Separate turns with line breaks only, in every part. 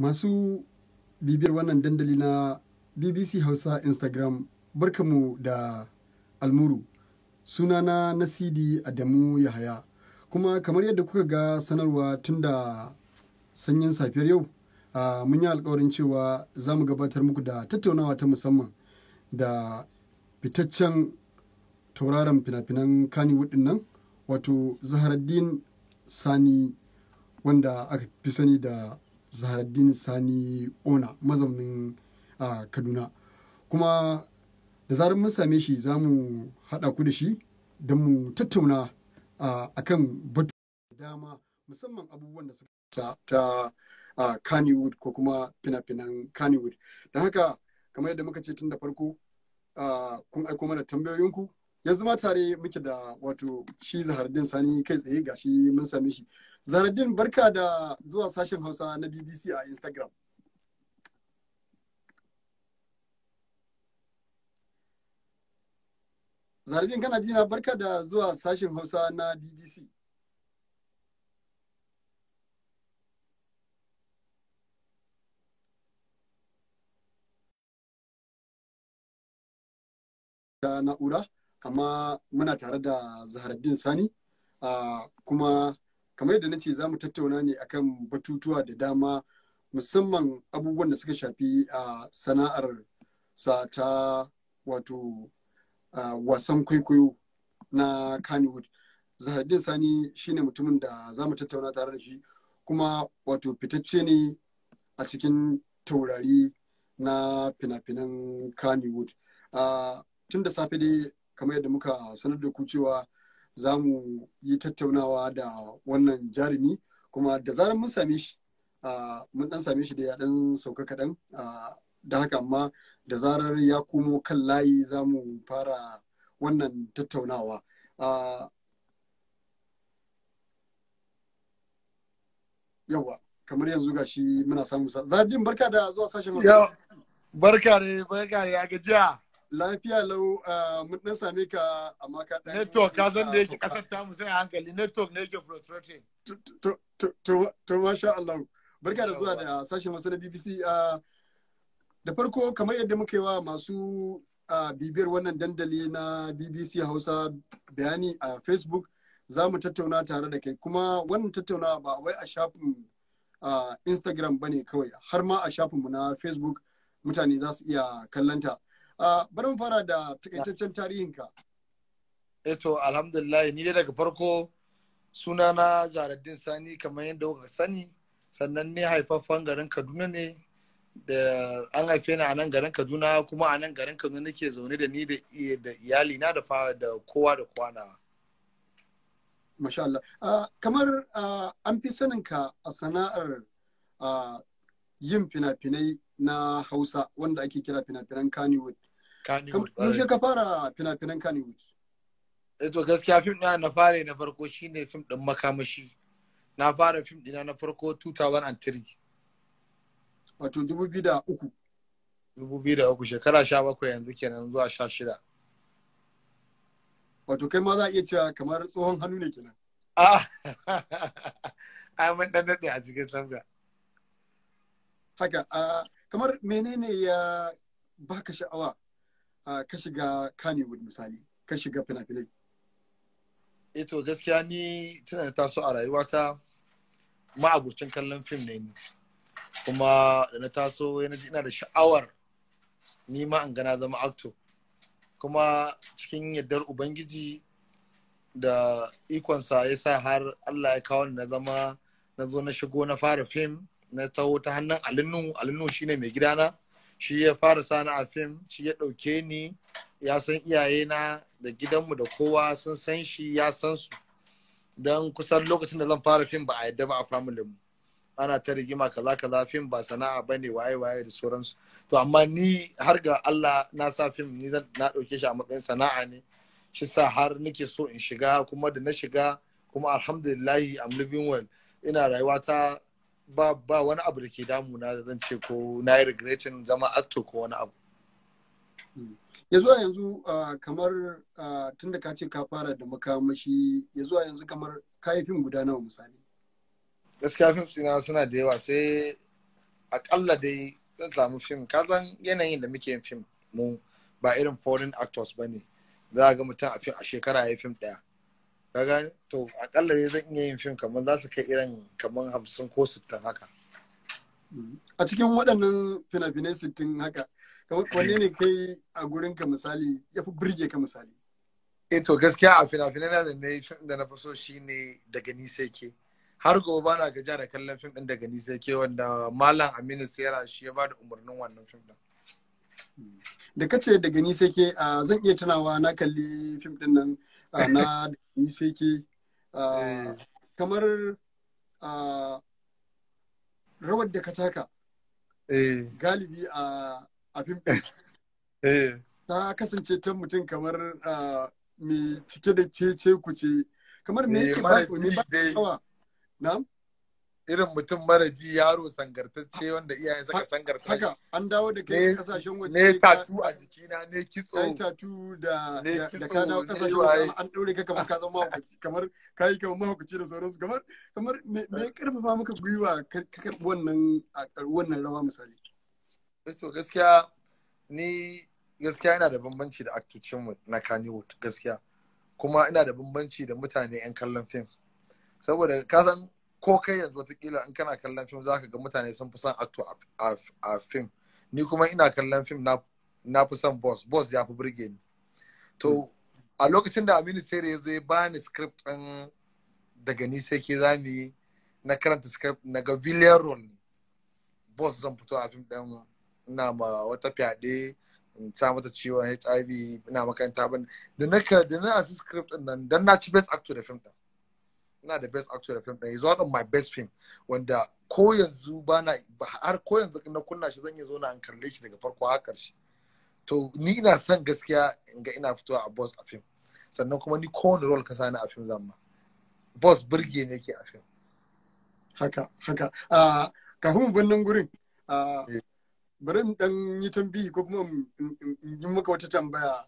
masu bibiyar wannan dandali na bbc hausa instagram barkamu da almuru suna na nasidi adamu yahaya kuma kamar yadda kuka ga sanarwa tun da sanyin safiyar yau a mun yi alkawarin cewa za mu gabatar muku da tattaunawa ta musamman da fitaccen tauraron fina-finan kaniwood nan wato zaharaddin sani wanda aka fi sani da zaharaddin sani ona mazaunin a kaduna kuma da zarar mun same shi za mu haɗa ku da shi don mu tattauna a kan batu dama musamman abubuwan da suka sa ta kannywood ko kuma fina-finan kannywood da haka kamar yadda muka ce tun da farko kun aiko mana tambayoyinku yanzu ma tare muke da wato shi zahardin sani kai tsaye ga shi mun same shi zahardin barka da zuwa sashen hausa na bbc a instagram zahardin kana jina barka da zuwa sashen hausa na bbc da na'ura amma muna tare da zaharaddin sani kuma kamar yadda na ce za mu tattauna ne akan batutuwa da dama musamman abubuwan da suka shafi a sana'ar sa ta wato wasan kwaikwayo na kannywood zahardin sani shine mutumin da za mu tattauna tare da shi kuma wato fitacce ne a cikin taurari na fina-finan kanewood tun da safe dai kamar yadda muka sanar da ku cewa za mu yi tattaunawa da wannan jarumi kuma da zarar mun same shi mun dan same shi da ya dan sauka kaɗan da haka amma da zarar ya komo kan layi za mu fara wannan tattaunawa yawa kamar yanzu ga shi muna samun sa. Zardin barka da zuwa sashen Barka ne, barka ne, ya gajiya. Lafiya lau mun dan same ka amma ka dan Network ka san da yake kasar ta mu sai hankali network ne yake frustrating. To to to masha Allah. Barka da zuwa da sashen masu na BBC da farko kamar yadda muka yi wa masu bibiyar wannan dandali na BBC Hausa bayani a Facebook za mu tattauna tare da kai kuma wannan tattauna ba wai a shafin Instagram ba ne kawai har ma a shafinmu na Facebook mutane za su iya kallanta. bari mu fara da takaitaccen tarihinka eto eh alhamdulillah ni dai daga farko sunana
zaradin sani kamar yadda kuka sani sannan ne haifaffen garin kaduna ne da an haife ni a nan garin kaduna kuma a nan garin kaduna nake zaune da ni da iyali na da da kowa da kwana
masha Allah uh, kamar uh, an fi sanin ka a sana'ar uh, yin fina-finai na hausa wanda ake kira fina-finan kannywood yaushe ka fara fina-finan Kannywood? Eh, to gaskiya fim ɗina na fara na farko shine fim ɗin makamashi
na fara fim ɗina na farko 2003 wato 2003
2003 shekara sha bakwai yanzu kenan zuwa sha shida. wato kai ma za a iya cewa kamar tsohon hannu ne kenan a ah! mun dan daɗe a cikin samga haka ah, kamar menene ya baka sha'awa ka shiga kanewood misali ka shiga fina Eto eh gaskiya ni tana da taso a
rayuwata ma'abucin kallon fim ne ni. Kuma da na taso ina da sha'awar ni ma an gana zama akto Kuma cikin yaddar Ubangiji da ikonsa ya sa har Allah ya kawo na zama na zo na shigo na fara fim na taho ta hannun alinu alinu shine mai gidana shi ya fara sana'a fim shi ya ɗauke ni ya san iyaye na, da gidanmu da kowa sun san shi ya san su don kusan lokacin da zan fara fim ba a yadda ba a mu ana ta rigima kaza kaza fim ba sana'a ba ne waye waye da sauransu to amma ni har ga Allah na sa fim ni na ɗauke shi a matsayin sana'a ne shi sa har nake so in shiga kuma da na shiga kuma alhamdulillahi am living well ina rayuwa ta ba ba wani abu da ke damu na zan ce ko na yi regretin zama actor ko wani abu
hmm. ya zuwa yanzu kamar tunda ka ce ka fara da makamashi ya zuwa yanzu kamar ka yi fim guda nawa misali gaskiya fim sina suna da yawa sai akalla dai
zan samu fim ka zan yanayin da muke yin fim mu ba irin foreign actors ba ne za a ga mutum a fim shekara ya yi fim ɗaya ka gane to akalla ne zan iya yin fim kamar
za su kai irin kamar hamsin ko sittin haka a cikin waɗannan fina-finai sittin haka wanne ne kai a gurin ka misali ya fi birge ka misali E to gaskiya a fina-finai
na da na yi fim da na faso shi ne daga nisa sai ke har gobe ba na gaja da kallon fim ɗin daga nisa sai ke wanda malam aminu sera shi ya ba da umarnin wannan fim ɗin
da kace daga nisa sai ke zan iya tunawa na kalli fim ɗin nan Ah, na iseke ah, eh. kamar ah, rawar da ka taka eh. galibi a fim eh. ta kasance ta mutum kamar mai cike da cece kuce kamar me ke ba ne ba na irin mutum mara ji yaro sangartacce wanda iyayen saka sangarta haka an dawo da kai kasashen waje ne tatu a jikina ne kitso ne tatu da da ka dawo kasashen waje an dore ka kamar ka zama kamar kai kamar mahaukaci da sauransu kamar kamar me karfafa maka gwiwa ka karbi wannan wannan rawa misali eh to gaskiya ni gaskiya yana da bambanci da aktocinmu na
Kannywood gaskiya kuma ina da bambanci da mutane 'yan kallon fim saboda ka san ko kai yanzu watakila in kana kallon fim ka ga mutane sun fi son actor a fim ni kuma ina kallon fim na fi son boss boss ya fi burge ni to hmm. a lokacin da aminu sere ya zo ya bani script ɗin daga ni sai ke za mu yi na karanta script na ga role boss zan fito a fim ɗin ina ma wata fyaɗe in sa mata ciwon hiv ina makaranta ban da na da na asu script ɗin nan dan na ci best actor da fim ɗin ina da best actor da film ɗin yanzu haka my best film wanda ko yanzu ba na har ko yanzu na kunna shi zan iya zo na an karle shi daga farko har karshe to ni ina son gaskiya in ga ina fitowa a boss a film sannan kuma ni ko wani role ka sani a film zan ma boss birge ne ke a film
haka haka ah, kafin wannan gurin ah, eh. bari mu dan yi tambayi ko kuma yi maka wata tambaya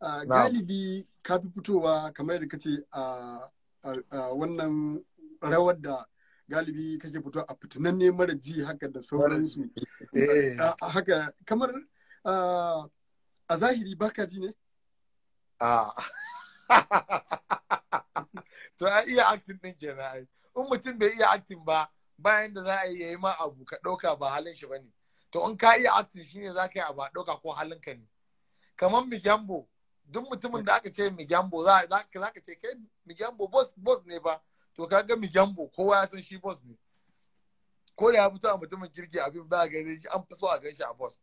ah, galibi ka fi fitowa kamar da kace a wannan rawar da galibi kake fito a fitinanne mara ji haka da sauransu eh. haka kamar a zahiri baka ji ne? to a iya aktin din kenan in
mutum bai iya aktin ba bayan da za a yi yayi ma abu ka ɗauka ba halin shi ba ne. to in ka iya aktin shine za ka yi abu a ɗauka ko halin ka ne kamar migyambo duk mutumin da aka ce migambo za ka ce kai migambo boss ne ba to ka ga migambo kowa ya san shi boss ne ko da ya fito a mutumin kirki abin ba a gani shi an fi so a gan shi a boss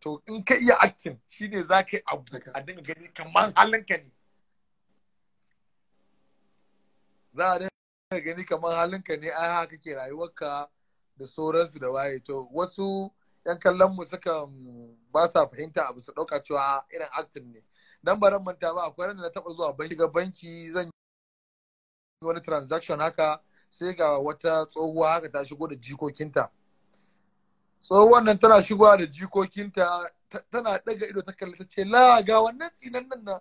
to in ka iya acting shi ne za ka yi abu a dinga gani kamar halinka ne za a dinga gani kamar halinka ne ai haka ke rayuwarka da sauransu da waye to wasu yan kallon mu suka ba sa fahimta abu su ɗauka cewa irin acting ne dan baran manta ba akwai ran da na taba zuwa banki ga banki zan wani transaction haka sai ga wata tsohuwa haka ta shigo da jikokinta tsohuwan nan tana shigowa da jikokinta tana daga ido ta kalli ta ce la ga wannan tsinan nan na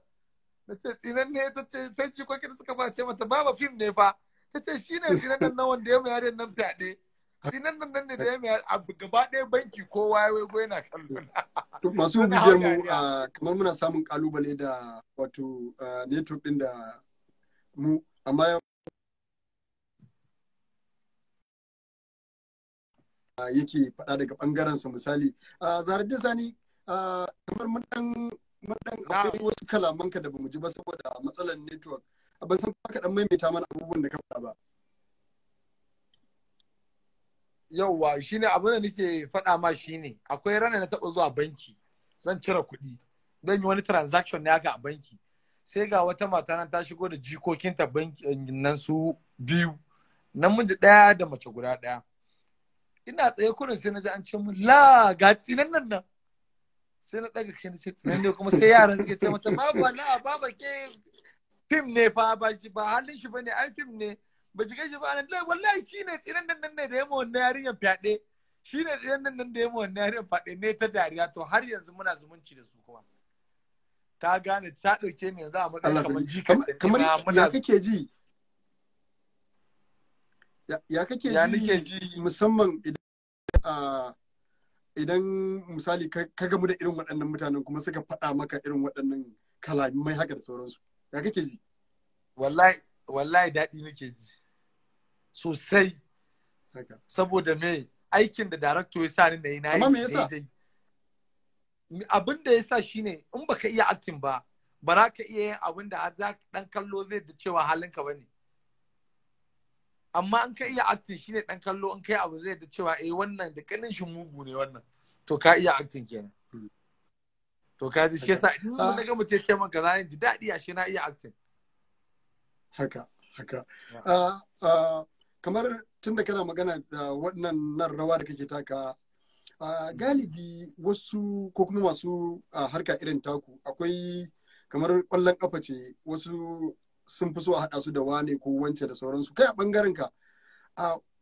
ta ce tsinan ne ta ce sai jikokinta suka ba ce mata baba fim ne fa ta ce shine tsinan nan na wanda ya mayar nan fyaɗe sinan nan nan ne da ya mai gaba ɗaya banki kowa ya waigo
yana kallo masu bibiyar mu ah, kamar muna samun kalubale da wato ah, network din da mu amma ya ah, yake faɗa daga ɓangarensa misali zarar da sani kamar mun dan akwai wasu kalamanka da bamu ji ba saboda matsalar network ban san ka dan maimaita mana abubuwan da ka faɗa ba yauwa shine abin da nake faɗa ma shine akwai
rana na taɓa zuwa banki zan cire kuɗi zan yi wani transaction ne haka a banki sai ga wata mata nan ta shigo da jikokinta banki eh, nan su biyu namiji ɗaya da mace guda ɗaya ina tsaye kurin sai na ji an ce mun la ga tsinan nan nan sai na ɗaga kai na ce tsinan ne kuma sai yaran suke ce mata baba na baba ke fim ne fa ba halin shi bane ai fim ne ba ki gashi ba nan wallahi shine tsiran nan ne da yamma wannan yarinyar fyaɗe shine tsiran nan da yamma wannan yarinyar fyaɗe ne ta dariya to har yanzu muna zumunci da su kuma ta gane ta ɗauke ni yanzu
a matsayin kamar ji kamar ya kake ji ya kake ji musamman idan idan misali ka gamu da irin waɗannan mutanen kuma suka faɗa maka irin waɗannan kalamai haka da sauransu ya kake ji wallahi wallahi daɗi nake ji
sosai saboda me aikin da director ya sa ni na yi na yi abin da ya sa shine in baka iya aktin ba ba za ka iya yin abin da har ɗan kallo zai da cewa halinka ba ne amma in ka iya shi shine ɗan kallo in kai abu zai da cewa eh wannan da ƙanin shi mugu ne wannan to ka iya acting kenan hmm. to ka ji shi yasa in na ga ce ya ce man kaza ji daɗi
a shi na iya aktin. haka haka ah, ah, kamar tun da kana magana da waɗannan rawa da kake taka ah, mm. galibi wasu ko kuma masu harka irin taku akwai kamar ƙwallon ƙafa ce wasu sun fi so a haɗa su da wane ko wance da sauransu kai a ɓangaren ka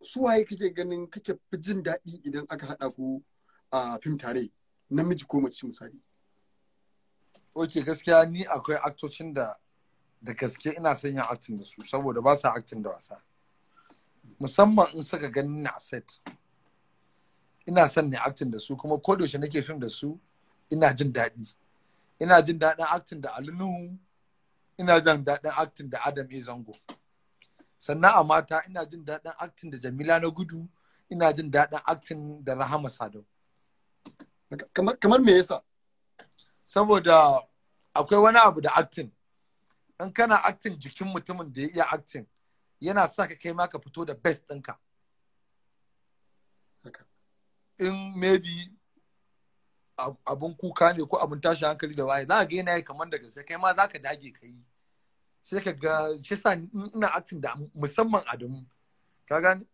su waye kake ganin kake fi jin daɗi idan aka haɗa ku a fim tare namiji ko mace misali ok gaskiya ni akwai aktocin
da da gaske ina son yin acting da su saboda ba sa acting da wasa musamman in suka gani na set ina son ne acting da su kuma ko yaushe nake film da su ina jin daɗi ina jin daɗin acting da alinu ina jin daɗin acting da adam e zango sannan a mata ina jin daɗin acting da jamila na gudu ina jin daɗin acting da rahama sadau kamar me yasa saboda akwai wani abu da acting in kana acting jikin mutumin da ya iya acting yana sa ka kai maka fito da best ɗinka in maybe abun kuka ne ko abun tashi hankali da waye za ka ga yana kamar da gaske kai ma za ka dage ka yi sai ka ga shi sa ina acting da musamman Adamu ka gani?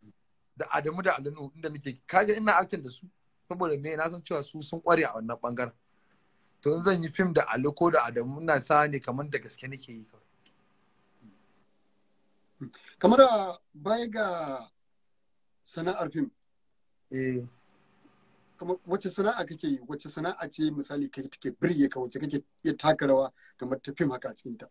da Adamu da Alinu inda nake kaga ina acting da su saboda me na san cewa su sun kware a wannan bangaren to in zan yi fim da Ali ko da Adamu na sa ne kamar da gaske
nake yi kawai kamar baya ga sana'ar fim eh wacce sana'a kake yi wacce sana'a ce misali kai take birye ka wacce kake iya taka rawa kamar ta fim haka a cikin ta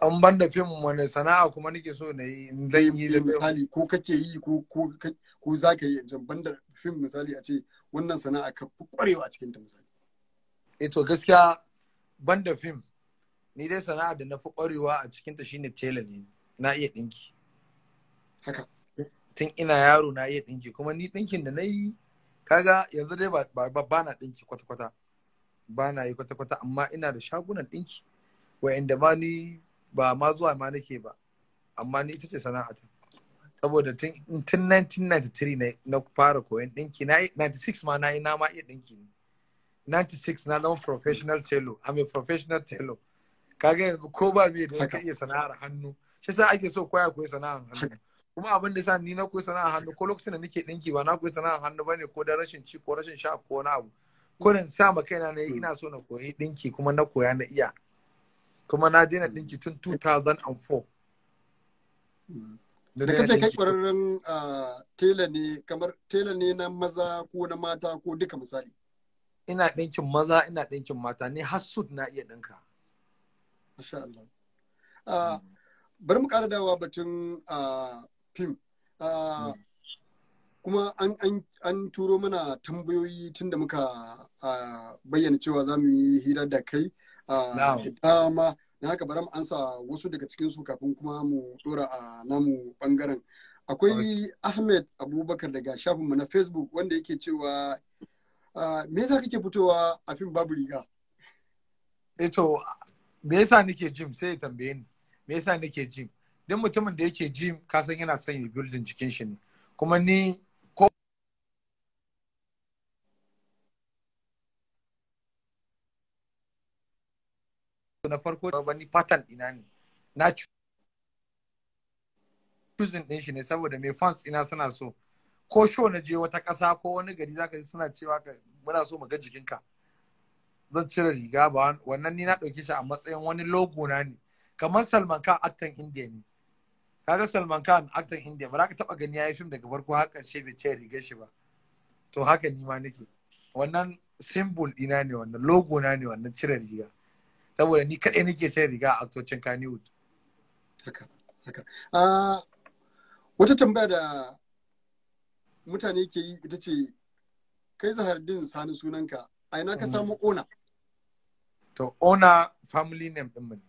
an ban da fim wani sana'a kuma nake so na yi in yi da misali ko kake yi ko za ka zaka yi yanzu ban da fim misali a ce wannan sana'a ka fi kwarewa a cikin ta misali Eto, eh, gaskiya banda fim
ni dai sana'a da na fi ƙwarewa a cikinta shine tela ne na iya ɗinki haka tun ina yaro na iya ɗinki kuma ni ɗinkin da na yi kaga yanzu dai ba ba na ɗinki kwata-kwata ba na yi kwata-kwata amma ina da shagunan ɗinki wa'inda ma ni ba ma zuwa ma nake ba amma ni ita ce sana'a ta. saboda tun 1993 na fara koyon ɗinki 96 ma na yi na ma iya ɗinki ne 96 na dan professional tailor i'm a professional tailor kage yanzu ko ba me da ka iya sana'ar hannu shi sa ake so koya koyi sana'ar hannu kuma abin da sa ni na koyi sana'ar hannu ko lokacin da nake dinki ba na koyi sana'ar hannu bane ko da rashin ci ko rashin sha ko na abu ko da sa ma kaina ne hmm. ina so na koyi dinki kuma na koya na iya kuma na daina dinki tun 2004
hmm. da ka kai kwararren ah, tela ne kamar tela ne na maza ko na mata ko duka misali
ina ɗinkin maza ina ɗinkin mata ne hassud na
iya ɗinka. Masha Allah. Ah, bari mu ƙara dawa batun ah, fim. Ah, hmm. Kuma an, turo mana tambayoyi tun da muka bayyana cewa za mu yi hira da kai. dama na haka bari mu ansa wasu daga cikin su kafin kuma mu ɗora a namu ɓangaren. Akwai Ahmed Abubakar daga shafinmu na Facebook wanda yake cewa Ah, me yasa kake fitowa a fim babu riga eto eh me yasa
nake jim sai ya tambaye ni me yasa nake jim dan mutumin da yake jim san yana son yi building jikin shi ne kuma ni ko na farko ba ni pattern ina ne na choosing din shi ne saboda mai fans ina suna so ko sho na je wata ƙasa ko wani gari zaka ji suna cewa ka muna so mu ga jikinka zan cire riga ba wannan ni na dauke shi a matsayin wani logo na ne kamar Salman Khan actor India ne kaga Salman Khan actor India ba za ka taba gani yayin fim daga farko har ƙarshe bai cire rigar shi ba to haka ni ma nake wannan symbol ɗina ne wannan logo na ne wannan cire riga saboda ni kadai nake cire riga a actorcin Kannywood
haka haka ah, wata tambaya da mutane ke yi ita ce kai zahar din sani sunanka a ina ka mm. samu ona
to ona
family name din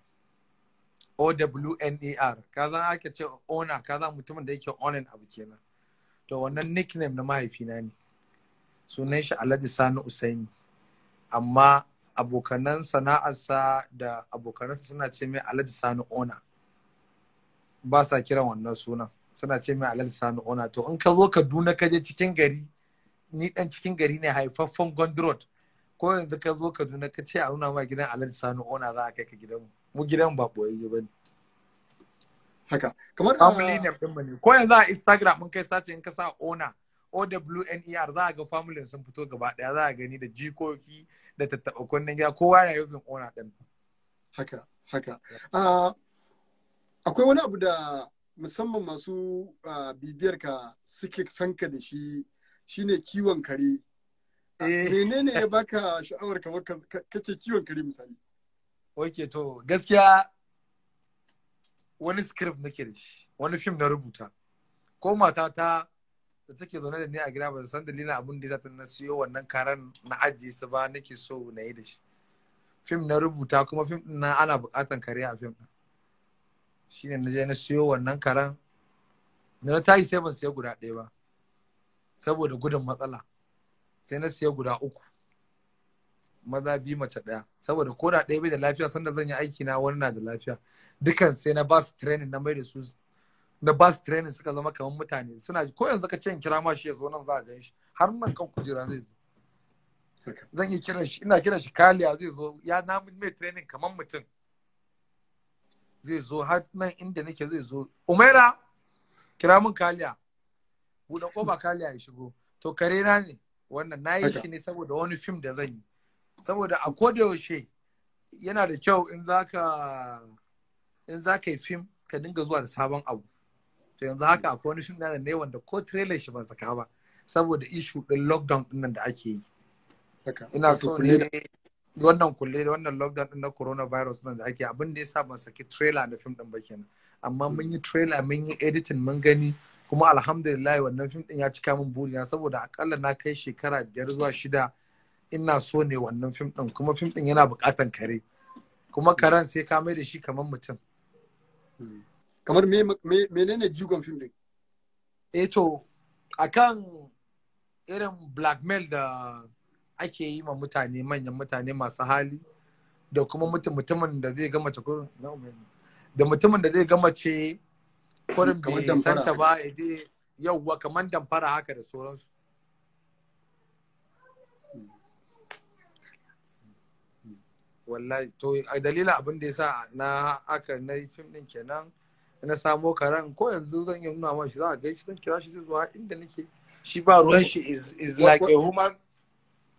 O-W-N-E-R ka zan ake ce ona ka zan mutumin da yake onin abu kenan to wannan nickname na mahaifina ne sunan shi Alhaji Sani Usaini amma abokanan sana'arsa da abokanansa suna ce mai Alhaji Sani Ona ba sa kiran wannan sunan suna ce mai alal sani ona to in ka zo kaduna ka je cikin gari ni dan cikin gari ne haifaffen gondrod ko yanzu ka zo kaduna ka ce a nuna ma gidan alal sani ona za a kai ka gidan mu gidan ba boyayye ba ne haka kamar family ah, name din mu ne ko yanzu a instagram mun kai sace in ka sa ona OWNER za a ga family sun fito gaba daya za a gani da jikoki da tattaɓa kunnen gida kowa yana using ona din haka
haka ah, akwai wani abu da musamman masu bibiyar ka suke sanka da shi shine kiwon kare eh. menene ya baka sha'awar kamar kake kiwon kare misali
ok to
gaskiya
wani script nake da shi wani fim na rubuta ko matata da take zaune da ni a gida ba san dalilin abin da zata na siyo wannan karan na ajiye su ba nake so na yi da shi fim na rubuta kuma fim na ana bukatan kare a fim din shine na je na siyo wannan karan na tashi sai ban siya guda ɗaya ba saboda gudun matsala sai na siya guda uku maza biyu mace ɗaya saboda ko da ɗaya bai da lafiya sanda zan yi aiki na wani na da lafiya dukan sai na bas su training na mai da su na ba training suka zama kamar mutane suna ko yanzu ka ce in kira ma shi ya zo nan za a gan shi har nan kan kujera zai zo zan yi kiran shi ina kiran shi kaliya zai zo ya na mai training kamar mutum zai zo har nan inda nake zai zo umaira kira min kaliya buɗe ƙofa kaliya ya shigo to kare na ne wannan na yi shi ne saboda wani fim da zan yi saboda a yaushe yana da kyau in ka in ka yi fim ka dinga zuwa da sabon abu to yanzu haka akwai wani fim da ne wanda ko trailer shi ba saka ba saboda ishu din lockdown ɗinnan da ake yi ina so ne wannan kulle da wannan lockdown din na coronavirus nan da ake abin da yasa ban saki trailer na film din ba kenan amma mun yi trailer mun yi editing mun gani kuma alhamdulillah wannan film din ya cika min na. saboda akalla na kai shekara biyar zuwa shida ina so ne wannan film din kuma film din yana bukatan kare kuma karen sai ka mai da shi kamar mutum kamar menene jigon film din eh to akan irin blackmail da ake yi ma mutane manyan mutane masu hali da kuma mutumin da zai gama ce kurin da mutumin da zai gama ce kurin bai santa ba ya je yauwa kamar damfara haka da sauransu wallahi to a dalila abin da yasa na aka na fim din kenan na samo karen ko yanzu zan yi nuna mashi shi za a gaishe zan kira shi zai zuwa inda nake shi ba ruwan shi is like a human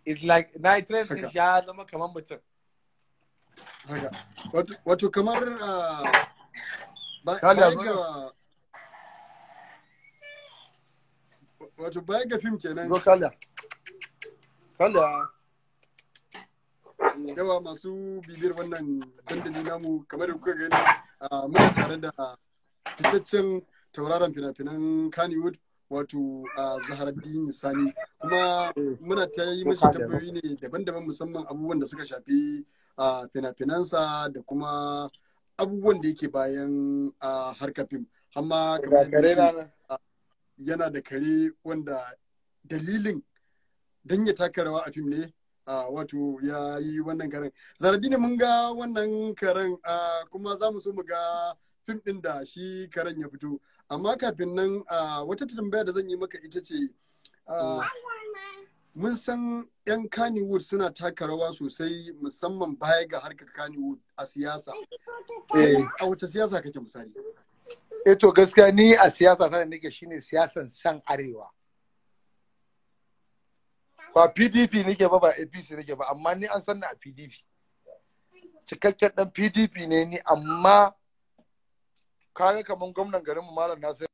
is like nitrates is ya zama kamar mutum wato
kamar uh, wato baya ga fim kenan go kalla. Kalla. yawa masu bibiyar wannan dandali namu kamar da kuka gani uh, muna tare da fitaccen tauraron fina-finan kannywood wato zaharabin sani kuma eh, muna ta yi mashi tambayoyi ne daban-daban musamman abubuwan da suka shafi fina-finansa da kuma abubuwan da yake bayan harkar fim amma kamar yana da kare wanda dalilin don ya taka rawa a fim ne wato ya yi wannan karen ne mun ga wannan karen kuma za mu so mu ga fim ɗin da shi karen ya fito amma kafin nan wata tambaya da zan yi maka ita ce mun san 'yan kaniwood suna taka rawa sosai musamman baya ga harkar kaniwood a siyasa. Eh, a wace siyasa kake misali?
E to gaskiya ni a
siyasa ta nake shine
siyasan san arewa. Ba PDP nake ba ba APC nake ba amma ni an san a PDP. Cikakken dan PDP ne ni amma kaga kaman gwamnan garinmu malam nasir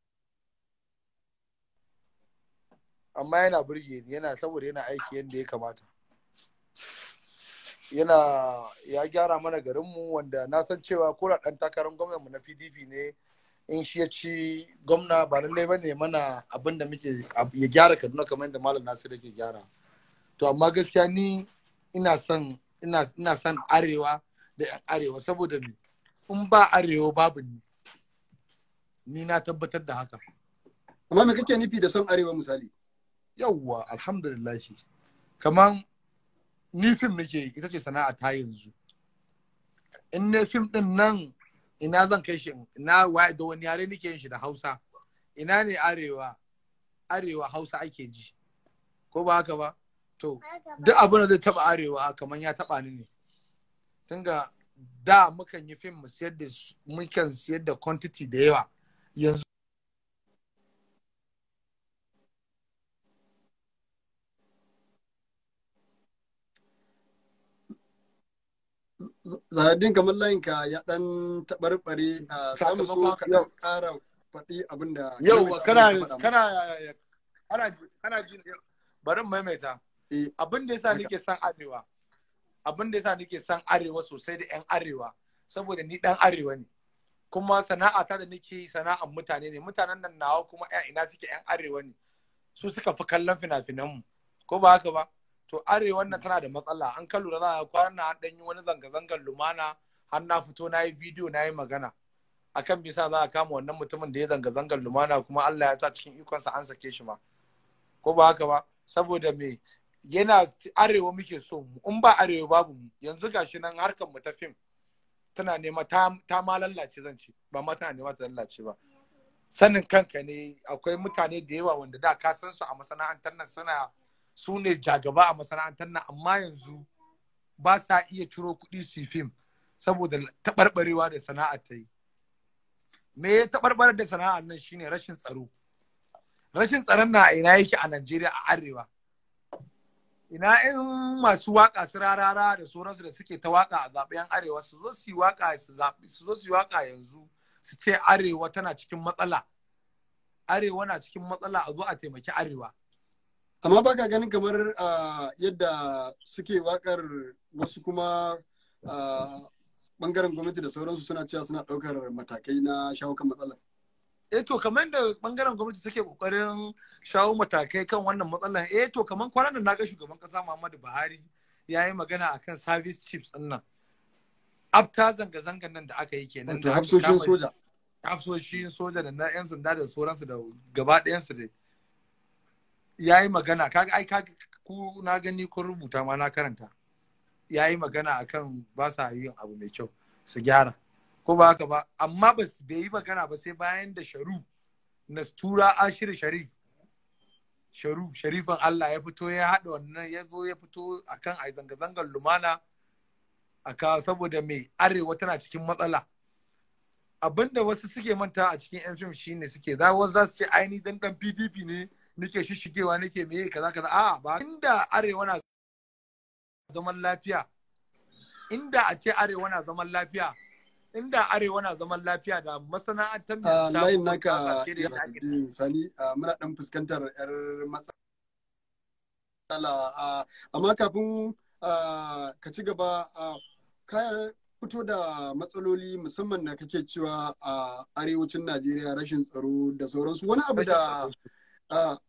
amma yana burge ni yana saboda yana aiki yadda ya kamata yana ya gyara mana garinmu wanda na san cewa kura dan takarar gwamnan mu na pdp ne in shi ya ci gwamna ba lallai ba ne mana abin da muke ya gyara kaduna kamar yadda malam nasir yake gyara to amma gaskiya ni ina son ina son arewa da yan arewa saboda in ba arewa babu ni ni na tabbatar da haka
amma me kake nufi da son arewa misali yawwa alhamdulillah kaman ni fim nake yi ita ce sana'a ta yanzu in ne fim din
nan ina zan kai shi ina da wani yare nake yin shi da hausa ina ne arewa arewa hausa ake ji ko ba haka ba to duk abin da zai taba arewa kaman ya taba ni ne tunga da mukan yi fim mu siyar da mukan siyar da quantity da yawa yanzu
zahadin kamar layinka ya dan taɓarɓare a samu so ka ƙara faɗi abin da yau kana kana kana kana ji
Barin maimaita eh. abin da yasa nake san arewa abin da yasa nake san arewa sosai da yan arewa saboda ni dan arewa ne kuma sana'a ta da nake yi sana'ar mutane ne mutanen nan nawa kuma yan ina suke yan arewa ne su suka fi kallon fina-finan mu ko ba haka ba to arewa nan tana da matsala an ka lura za a kwana na dan yi wani zanga-zangar lumana har na fito na yi bidiyo na yi magana akan bisa za a kama wannan mutumin da ya zanga-zangar lumana kuma Allah ya sa cikin ikonsa an sake shi ma ko ba haka ba saboda me yana arewa muke so in ba arewa babu mu yanzu gashi nan harkar mu ta fim tana nema ta ma lallace zan ce ba ma tana nema ta lallace ba sanin kanka ne akwai mutane da yawa wanda da ka san su a masana'antar nan suna su ne jagaba a masana'antar nan amma yanzu ba sa iya ciro kuɗi su fim saboda taɓarɓarewa da sana'a ta yi me ya taɓarɓarar da sana'a nan shine rashin tsaro rashin tsaron na ina yake a Najeriya a arewa ina in masu waka su rarara da sauransu da suke ta waka a zaɓen arewa su zo su yi waka yanzu su ce arewa tana cikin matsala arewa na cikin matsala a zo a taimaki arewa
amma ba ka ganin kamar yadda suke wakar wasu kuma bangaren gwamnati da sauransu suna cewa suna ɗaukar matakai na shawo kan matsalar eh to kamar da bangaren gwamnati take
kokarin shawo matakai kan wannan matsalar eh to kamar kwanan da naga shugaban kasa Muhammadu Buhari ya yi magana akan service chips din nan afta zanga zangan nan da aka yi kenan da hafsoshin soja hafsoshin soja da na yan sanda da sauransu da gaba ɗayan su ya yi magana kaga ai kaga ku na gani kun rubuta ma na karanta ya yi magana akan ba sa yin abu mai kyau su gyara ko ba haka ba amma ba su bai yi magana ba sai bayan da sharu nastura ashir sharif sharu sharifan Allah ya fito ya haɗa wannan ya zo ya fito akan a zanga-zangar lumana aka saboda mai arewa tana cikin matsala abinda wasu suke manta a cikin yan fim shine suke za wasu za su ce aini dan dan PDP ne nake shishigewa nake meye kaza kaza a ba inda arewa na zaman lafiya inda a ce arewa na zaman lafiya inda arewa na zaman lafiya da masana'antar ah, da ta layin naka
sani ah, muna dan fuskantar yar matsala ah, amma kafin ka ci gaba ka fito da matsaloli musamman da kake cewa a arewacin Najeriya rashin tsaro da sauransu wani abu da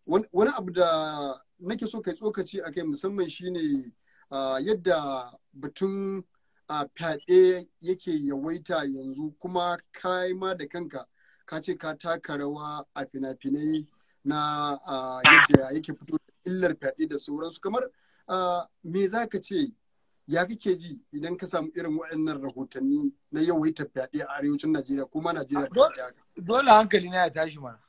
wani abu da nake so ka tsokaci a kai musamman shine yadda batun a fyaɗe yake yawaita yanzu kuma ka ma da kanka ka ce ka taka rawa a fina-finai na yadda yake fito da illar fyaɗe da sauransu kamar me za ka ce ya kake ji idan ka samu irin waɗannan rahotanni na yawaita fyaɗe a arewacin najeriya kuma najeriya dole hankali na ya tashi mana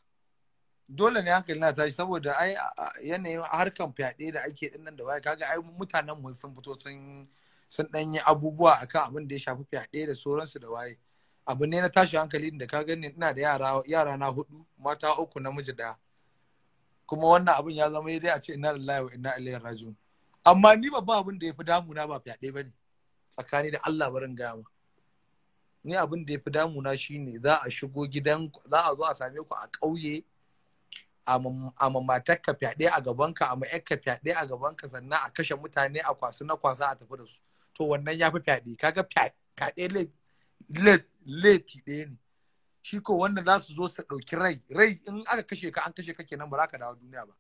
dole ne hankali na tashi saboda ai yanayin harkan fyaɗe da ake nan da waya kaga ai mutanen mu sun fito sun sun dan yi abubuwa akan abin da ya shafi fyaɗe da sauransu da waye abu ne na tashi hankali da ka gani ina da yara yara na hudu mata uku namiji daya kuma wannan abin ya zama dai a ce inna lillahi wa inna ilaihi raji'un amma ni babban abin da yafi damuna ba fyaɗe bane tsakani da Allah barin gaya ma ni abin da yafi damuna shine za a shigo gidan za a zo a same ku a ƙauye a mamatakka fyaɗe a gabanka a ma'aikka fyaɗe a gabanka sannan a kashe mutane a kwasu na kwasa a tafi da su to wannan ya fi fyaɗe kaga fyaɗe laifi ɗaya ne shi ko wannan za su zo su ɗauki rai rai in aka kashe ka an kashe ka kenan ba za ka dawo duniya ba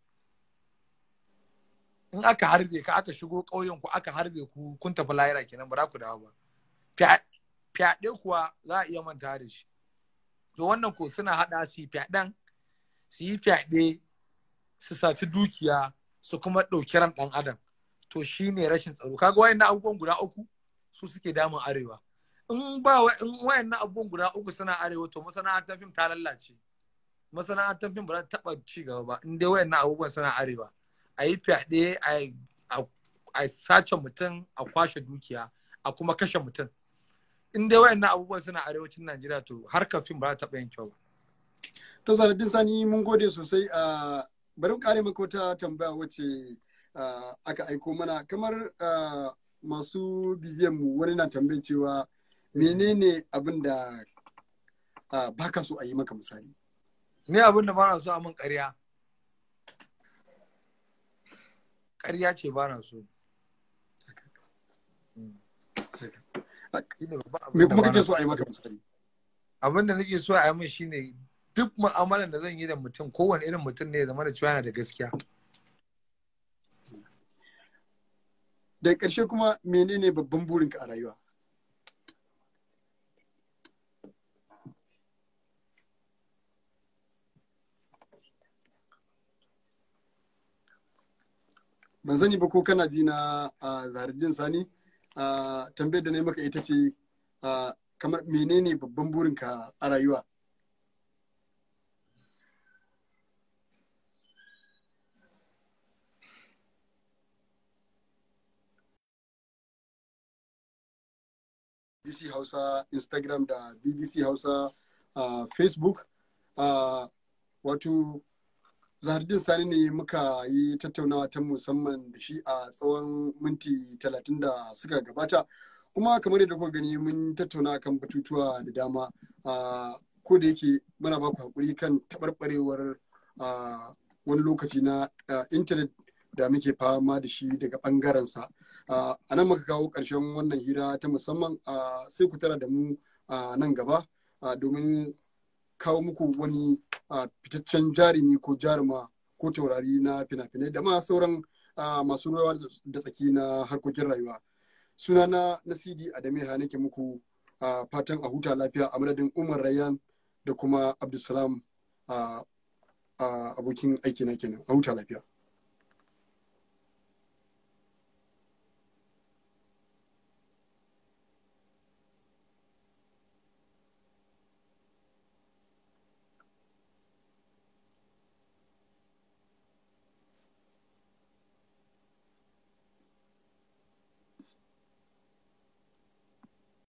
in aka harbe ka aka shigo ƙauyen ku aka harbe ku kun tafi layira kenan ba za ku dawo ba fyaɗe kuwa za a iya manta da shi to wannan ko suna haɗa su yi fyaɗen su yi fyaɗe su saci dukiya su kuma ɗauki ran ɗan adam to shi ne rashin tsaro kaga wayannan abubuwan guda uku su suke damun arewa in ba wayan wayannan abubuwan guda uku suna arewa to masana'antar fim ta lallace masana'antar fim ba za ta taba ci gaba ba in dai wayannan abubuwan suna arewa a yi fyaɗe a sace mutum a kwashe dukiya a kuma kashe mutum in dai wayannan abubuwan suna arewacin Najeriya to harkar fim ba ta taba yin kyau ba
to sanadin sani mun gode sosai a ah, bari mu kare maka wata tambaya wacce aka aiko mana kamar masu bibiyan mu wani na tambaye cewa menene abin da baka so a yi maka misali ne abin da ba na so a min ƙarya
ƙarya ce ba na so
me kuma kake so a yi maka
misali abin da nake so a yi min shine duk mu'amalar da zan yi da mutum kowane irin mutum ne ya zama da cewa yana da gaskiya
da ƙarshe kuma menene babban burinka a rayuwa ban sani ba ko kana ji na zaridin sani tambayar da na yi maka ita ce kamar menene babban burinka a rayuwa BBC Hausa Instagram da BBC Hausa uh, Facebook. Uh, wato zahardin sani ne muka yi tattaunawa ta musamman da shi a tsawon minti talatin da suka gabata kuma kamar yadda kuka gani mun tattauna kan batutuwa da dama uh, ko da yake muna baku hakuri kan taɓarɓarewar wani lokaci na intanet da muke fama da shi daga ɓangarensa. A nan muka kawo ƙarshen wannan hira ta musamman sai ku tara da mu a nan gaba domin kawo muku wani fitaccen jarumi ko jaruma ko taurari na fina-finai da ma sauran masu rawa da tsaki na harkokin rayuwa. Suna na nasidi Adameha nake muku fatan a huta lafiya a madadin Umar Rayyan da kuma Abdulsalam abokin aiki na kenan a huta lafiya.